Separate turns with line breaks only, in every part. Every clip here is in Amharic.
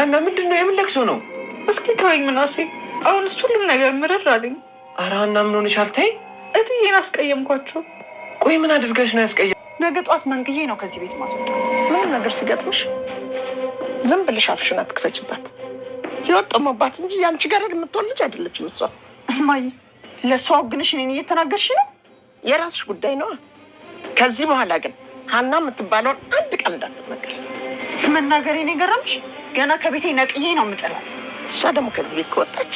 እንደ ምንድን ነው? የምን ነው?
እስኪ ተወኝ ምናሴ። እሱ ሁሉም ነገር ምርር አለኝ።
ኧረ ሀና ምን ሆነሽ? አልተይኝ
እትዬን አስቀየምኳቸው።
ቆይ ምን አድርገሽ ነው ያስቀየ?
ነገ ጠዋት መንግዬ ነው ከዚህ ቤት ማስወጣ። ምንም ነገር ሲገጥምሽ ዝም ብልሽ አፍሽን አትክፈችባት። የወጠመባት እንጂ ያንቺ ጋር የምትሆን ልጅ አይደለችም እሷ። እማዬ ለእሷ ወግንሽ እኔን እየተናገርሽ ነው። የራስሽ ጉዳይ ነዋ። ከዚህ በኋላ ግን ሀና የምትባለውን አንድ ቃል እንዳትመገረት መናገሬን የገረምሽ? ገና ከቤቴ ነቅዬ ነው የምጥላት። እሷ ደግሞ ከዚህ ቤት ከወጣች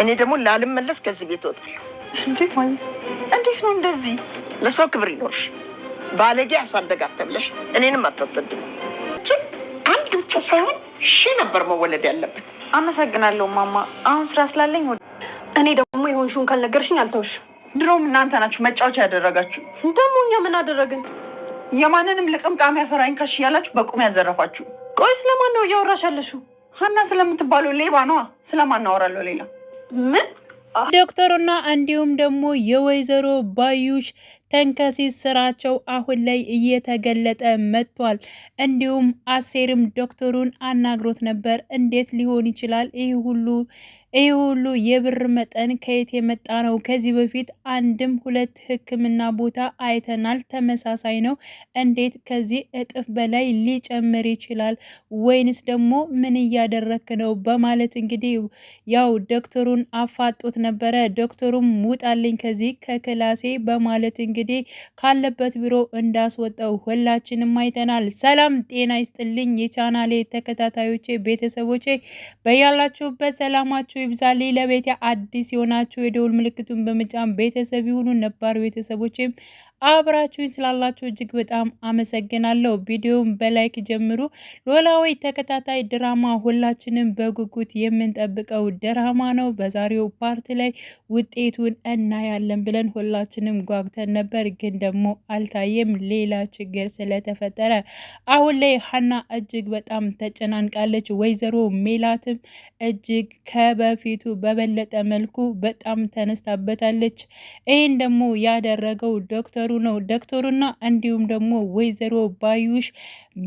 እኔ ደግሞ ላልመለስ ከዚህ ቤት እወጣለሁ። እንዴት ወይ እንዴት ነው እንደዚህ? ለሰው ክብር ይኖርሽ። ባለጌ አሳደጋት ተብለሽ እኔንም አታሰድም። አንድ ብቻ ሳይሆን ሺ ነበር መወለድ ያለበት።
አመሰግናለሁ ማማ። አሁን ስራ ስላለኝ እኔ ደግሞ የሆንሽውን ካልነገርሽኝ አልተውሽም።
ድሮም እናንተ ናችሁ መጫወቻ ያደረጋችሁ።
ደግሞ እኛ ምን አደረግን?
የማንንም ልቅምቃሚ ያፈራኝ ከሽ ያላችሁ በቁም ያዘረፋችሁ። ቆይ ስለማን ነው እያወራሽ ያለሽው? ሀና ስለምትባለው ሌባ ነዋ። ስለማን አወራለሁ? ሌላ ምን
ዶክተሩና እንዲሁም ደግሞ የወይዘሮ ባዩሽ ተንከሲስ ስራቸው አሁን ላይ እየተገለጠ መጥቷል። እንዲሁም አሴርም ዶክተሩን አናግሮት ነበር። እንዴት ሊሆን ይችላል? ይህ ሁሉ ይህ ሁሉ የብር መጠን ከየት የመጣ ነው? ከዚህ በፊት አንድም ሁለት ሕክምና ቦታ አይተናል፣ ተመሳሳይ ነው። እንዴት ከዚህ እጥፍ በላይ ሊጨምር ይችላል? ወይንስ ደግሞ ምን እያደረክ ነው? በማለት እንግዲህ ያው ዶክተሩን አፋጦት ነበረ። ዶክተሩም ውጣልኝ ከዚህ ከክላሴ በማለት እንግዲህ እንግዲህ ካለበት ቢሮ እንዳስወጣው ሁላችንም አይተናል። ሰላም ጤና ይስጥልኝ የቻናሌ ተከታታዮቼ ቤተሰቦቼ በያላችሁበት ሰላማችሁ ይብዛልኝ። ለቤቴ አዲስ የሆናችሁ የደውል ምልክቱን በመጫን ቤተሰብ ይሁኑ። ነባር ቤተሰቦቼም አብራችሁኝ ስላላችሁ እጅግ በጣም አመሰግናለሁ። ቪዲዮውን በላይክ ጀምሩ። ኖላዊ ተከታታይ ድራማ ሁላችንም በጉጉት የምንጠብቀው ድራማ ነው። በዛሬው ፓርት ላይ ውጤቱን እናያለን ብለን ሁላችንም ጓግተን ነበር። ነበር፣ ግን ደግሞ አልታየም። ሌላ ችግር ስለተፈጠረ አሁን ላይ ሀና እጅግ በጣም ተጨናንቃለች። ወይዘሮ ሜላትም እጅግ ከበፊቱ በበለጠ መልኩ በጣም ተነስታበታለች። ይህን ደግሞ ያደረገው ዶክተሩ ነው። ዶክተሩና እንዲሁም ደግሞ ወይዘሮ ባዩሽ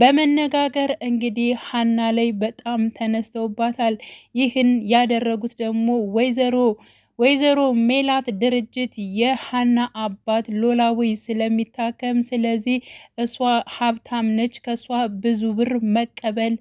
በመነጋገር እንግዲህ ሀና ላይ በጣም ተነስተውባታል። ይህን ያደረጉት ደግሞ ወይዘሮ ወይዘሮ ሜላት ድርጅት የሀና አባት ኖላዊ ስለሚታከም፣ ስለዚህ እሷ ሀብታም ነች፣ ከሷ ብዙ ብር መቀበል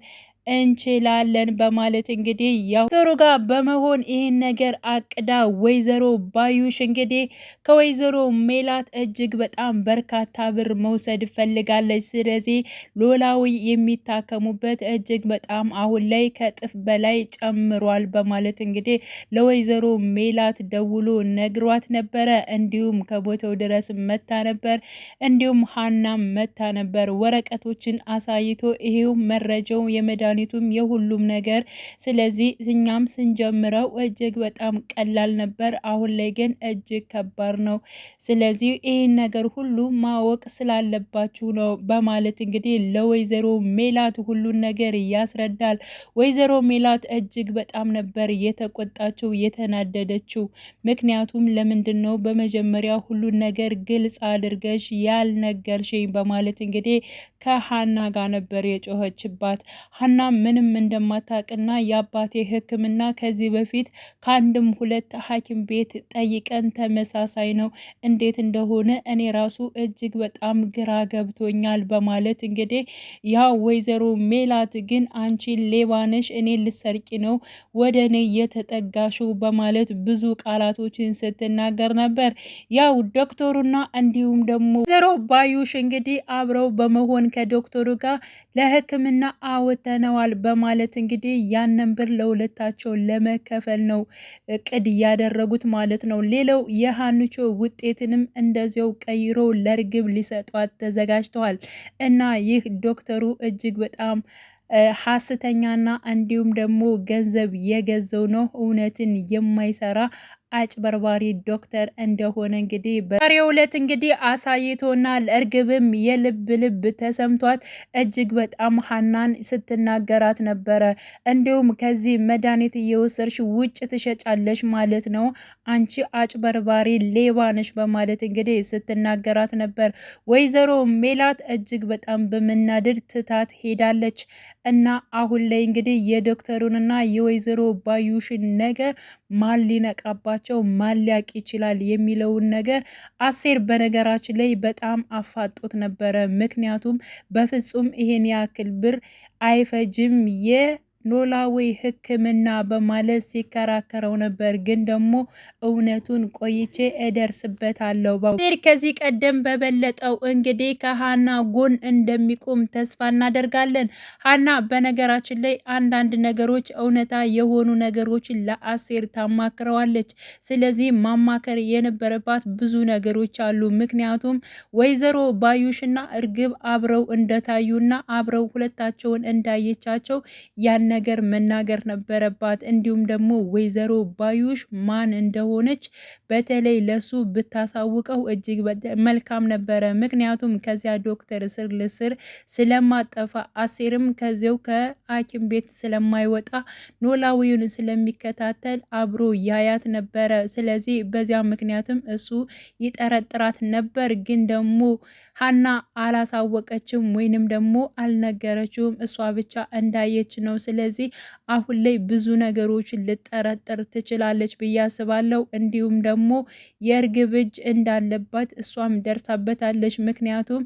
እንችላለን በማለት እንግዲህ ያው ጋር በመሆን ይህን ነገር አቅዳ ወይዘሮ ባዩሽ እንግዲህ ከወይዘሮ ሜላት እጅግ በጣም በርካታ ብር መውሰድ ፈልጋለች። ስለዚህ ኖላዊ የሚታከሙበት እጅግ በጣም አሁን ላይ ከጥፍ በላይ ጨምሯል በማለት እንግዲህ ለወይዘሮ ሜላት ደውሎ ነግሯት ነበረ። እንዲሁም ከቦታው ድረስ መታ ነበር። እንዲሁም ሀናም መታ ነበር። ወረቀቶችን አሳይቶ ይሄው መረጃው የመድኃኒቱ የመድኃኒቱም የሁሉም ነገር። ስለዚህ እኛም ስንጀምረው እጅግ በጣም ቀላል ነበር። አሁን ላይ ግን እጅግ ከባድ ነው። ስለዚህ ይህን ነገር ሁሉ ማወቅ ስላለባችሁ ነው በማለት እንግዲህ ለወይዘሮ ሜላት ሁሉን ነገር ያስረዳል። ወይዘሮ ሜላት እጅግ በጣም ነበር የተቆጣችው የተናደደችው። ምክንያቱም ለምንድን ነው በመጀመሪያ ሁሉን ነገር ግልጽ አድርገሽ ያልነገርሽኝ? በማለት እንግዲህ ከሀና ጋር ነበር የጮኸችባት። ሀና ሆና ምንም እንደማታውቅና የአባቴ ሕክምና ከዚህ በፊት ከአንድም ሁለት ሐኪም ቤት ጠይቀን ተመሳሳይ ነው፣ እንዴት እንደሆነ እኔ ራሱ እጅግ በጣም ግራ ገብቶኛል በማለት እንግዲህ ያው ወይዘሮ ሜላት ግን አንቺ ሌባነሽ እኔ ልሰርቂ ነው ወደ እኔ የተጠጋሽው በማለት ብዙ ቃላቶችን ስትናገር ነበር። ያው ዶክተሩና እንዲሁም ደግሞ ወይዘሮ ባዩሽ እንግዲህ አብረው በመሆን ከዶክተሩ ጋር ለህክምና ። አወተነው ይዘነዋል በማለት እንግዲህ ያንን ብር ለሁለታቸው ለመከፈል ነው እቅድ እያደረጉት ማለት ነው። ሌላው የሀንቾ ውጤትንም እንደዚያው ቀይሮ ለርግብ ሊሰጧት ተዘጋጅተዋል እና ይህ ዶክተሩ እጅግ በጣም ሐሰተኛና እንዲሁም ደግሞ ገንዘብ የገዘው ነው እውነትን የማይሰራ አጭበርባሪ ዶክተር እንደሆነ እንግዲህ በዛሬው ዕለት እንግዲህ አሳይቶና ለእርግብም የልብ ልብ ተሰምቷት እጅግ በጣም ሀናን ስትናገራት ነበረ። እንዲሁም ከዚህ መድኃኒት እየወሰድሽ ውጭ ትሸጫለሽ ማለት ነው፣ አንቺ አጭበርባሪ ሌባ ነሽ በማለት እንግዲህ ስትናገራት ነበር። ወይዘሮ ሜላት እጅግ በጣም በመናደድ ትታት ሄዳለች እና አሁን ላይ እንግዲህ የዶክተሩንና የወይዘሮ ባዩሽን ነገር ማን ሊነቃባት ፍቅራቸው ማሊያቅ ይችላል የሚለውን ነገር አሴር በነገራችን ላይ በጣም አፋጦት ነበረ። ምክንያቱም በፍጹም ይሄን ያክል ብር አይፈጅም የ ኖላዊ ሕክምና በማለት ሲከራከረው ነበር። ግን ደግሞ እውነቱን ቆይቼ እደርስበታለሁ። ባዜር ከዚህ ቀደም በበለጠው እንግዲህ ከሀና ጎን እንደሚቆም ተስፋ እናደርጋለን። ሀና በነገራችን ላይ አንዳንድ ነገሮች እውነታ የሆኑ ነገሮችን ለአሴር ታማክረዋለች። ስለዚህ ማማከር የነበረባት ብዙ ነገሮች አሉ። ምክንያቱም ወይዘሮ ባዩሽና እርግብ አብረው እንደታዩና አብረው ሁለታቸውን እንዳየቻቸው ያን ነገር መናገር ነበረባት። እንዲሁም ደግሞ ወይዘሮ ባዩሽ ማን እንደሆነች በተለይ ለሱ ብታሳውቀው እጅግ መልካም ነበረ። ምክንያቱም ከዚያ ዶክተር ስር ልስር ስለማጠፋ አሴርም ከዚው ከሐኪም ቤት ስለማይወጣ ኖላዊውን ስለሚከታተል አብሮ ያያት ነበረ። ስለዚህ በዚያ ምክንያትም እሱ ይጠረጥራት ነበር። ግን ደግሞ ሀና አላሳወቀችም ወይንም ደግሞ አልነገረችውም፣ እሷ ብቻ እንዳየች ነው ስለ ስለዚህ አሁን ላይ ብዙ ነገሮችን ልጠረጠር ትችላለች ብዬ አስባለሁ። እንዲሁም ደግሞ የእርግብ እጅ እንዳለባት እሷም ደርሳበታለች። ምክንያቱም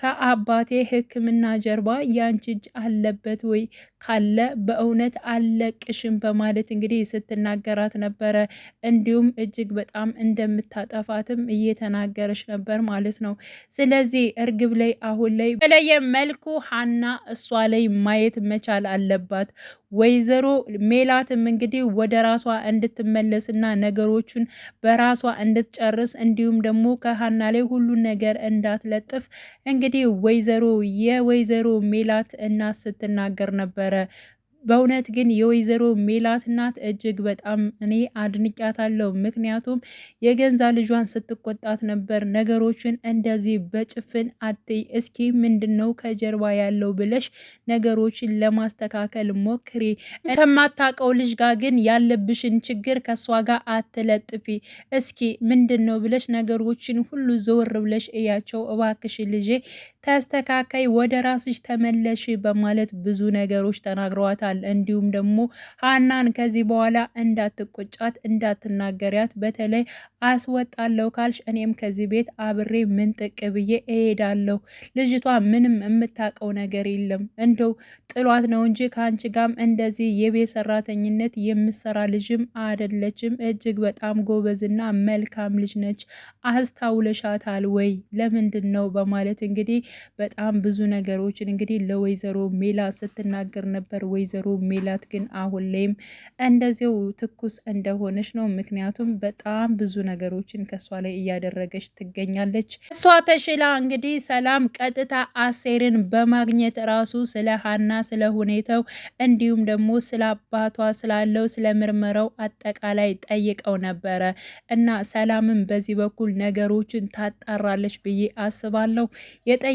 ከአባቴ ሕክምና ጀርባ ያንቺ እጅ አለበት ወይ? ካለ በእውነት አለቅሽም በማለት እንግዲህ ስትናገራት ነበረ። እንዲሁም እጅግ በጣም እንደምታጠፋትም እየተናገረች ነበር ማለት ነው። ስለዚህ እርግብ ላይ አሁን ላይ በተለየ መልኩ ሀና እሷ ላይ ማየት መቻል አለባት። ወይዘሮ ሜላትም እንግዲህ ወደ ራሷ እንድትመለስና ነገሮቹን በራሷ እንድትጨርስ እንዲሁም ደግሞ ከሀና ላይ ሁሉን ነገር እንዳትለጥፍ እንግዲህ ወይዘሮ የወይዘሮ ሜላት እናት ስትናገር ነበረ። በእውነት ግን የወይዘሮ ሜላት እናት እጅግ በጣም እኔ አድንቂያታለሁ። ምክንያቱም የገንዛ ልጇን ስትቆጣት ነበር። ነገሮችን እንደዚህ በጭፍን አትይ፣ እስኪ ምንድን ነው ከጀርባ ያለው ብለሽ ነገሮችን ለማስተካከል ሞክሪ። ከማታውቀው ልጅ ጋር ግን ያለብሽን ችግር ከእሷ ጋር አትለጥፊ። እስኪ ምንድን ነው ብለሽ ነገሮችን ሁሉ ዘወር ብለሽ እያቸው እባክሽ ልጄ ተስተካካይ፣ ወደ ራስሽ ተመለሽ በማለት ብዙ ነገሮች ተናግረዋታል። እንዲሁም ደግሞ ሀናን ከዚህ በኋላ እንዳትቆጫት እንዳትናገሪያት፣ በተለይ አስወጣለሁ ካልሽ እኔም ከዚህ ቤት አብሬ ምን ጥቅ ብዬ እሄዳለሁ። ልጅቷ ምንም የምታውቀው ነገር የለም እንደው ጥሏት ነው እንጂ ከአንቺ ጋም እንደዚህ የቤት ሰራተኝነት የምሰራ ልጅም አደለችም። እጅግ በጣም ጎበዝና መልካም ልጅ ነች። አስታውለሻታል ወይ ለምንድን ነው በማለት እንግዲህ በጣም ብዙ ነገሮችን እንግዲህ ለወይዘሮ ሜላት ስትናገር ነበር። ወይዘሮ ሜላት ግን አሁን ላይም እንደዚው ትኩስ እንደሆነች ነው። ምክንያቱም በጣም ብዙ ነገሮችን ከእሷ ላይ እያደረገች ትገኛለች። እሷ ተሽላ እንግዲህ ሰላም ቀጥታ አሴርን በማግኘት ራሱ ስለ ሀና ስለ ሁኔታው እንዲሁም ደግሞ ስለ አባቷ ስላለው ስለ ምርመራው አጠቃላይ ጠይቀው ነበረ እና ሰላምን በዚህ በኩል ነገሮችን ታጣራለች ብዬ አስባለሁ።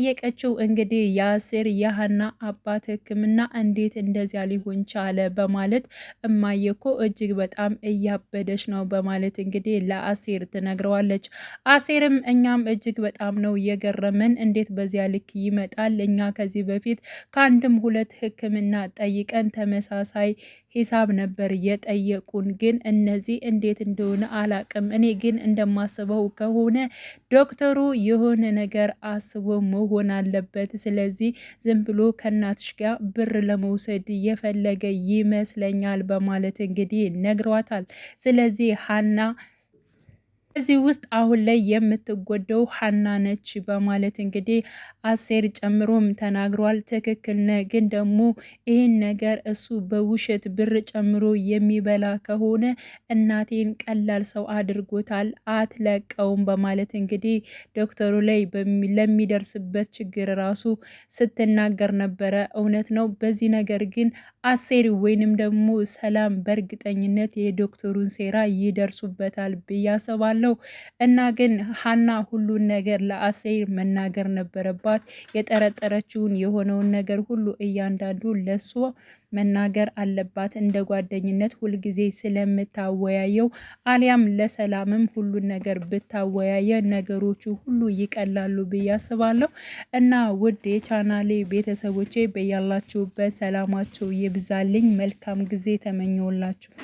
የጠየቀችው እንግዲህ ያሲር የሀና አባት ሕክምና እንዴት እንደዚያ ሊሆን ቻለ በማለት እማዬ እኮ እጅግ በጣም እያበደች ነው በማለት እንግዲህ ለአሴር ትነግረዋለች። አሴርም እኛም እጅግ በጣም ነው የገረመን፣ እንዴት በዚያ ልክ ይመጣል? እኛ ከዚህ በፊት ከአንድም ሁለት ሕክምና ጠይቀን ተመሳሳይ ሂሳብ ነበር የጠየቁን። ግን እነዚህ እንዴት እንደሆነ አላቅም። እኔ ግን እንደማስበው ከሆነ ዶክተሩ የሆነ ነገር አስቦ መሆን አለበት። ስለዚህ ዝም ብሎ ከእናትሽ ጋር ብር ለመውሰድ የፈለገ ይመስለኛል በማለት እንግዲህ ነግሯታል። ስለዚህ ሀና እዚህ ውስጥ አሁን ላይ የምትጎደው ሀና ነች በማለት እንግዲህ አሴር ጨምሮም ተናግሯል። ትክክል ነ ግን ደግሞ ይህን ነገር እሱ በውሸት ብር ጨምሮ የሚበላ ከሆነ እናቴን ቀላል ሰው አድርጎታል፣ አትለቀውም በማለት እንግዲህ ዶክተሩ ላይ ለሚደርስበት ችግር ራሱ ስትናገር ነበረ። እውነት ነው። በዚህ ነገር ግን አሴር ወይንም ደግሞ ሰላም በእርግጠኝነት የዶክተሩን ሴራ ይደርሱበታል ብዬ አለው እና ግን ሀና ሁሉን ነገር ለአሴር መናገር ነበረባት። የጠረጠረችውን የሆነውን ነገር ሁሉ እያንዳንዱ ለሱ መናገር አለባት። እንደ ጓደኝነት ሁልጊዜ ስለምታወያየው አሊያም ለሰላምም ሁሉን ነገር ብታወያየ ነገሮቹ ሁሉ ይቀላሉ ብዬ አስባለሁ። እና ውድ የቻናሌ ቤተሰቦቼ በያላችሁበት ሰላማችሁ ይብዛልኝ። መልካም ጊዜ ተመኘውላችሁ።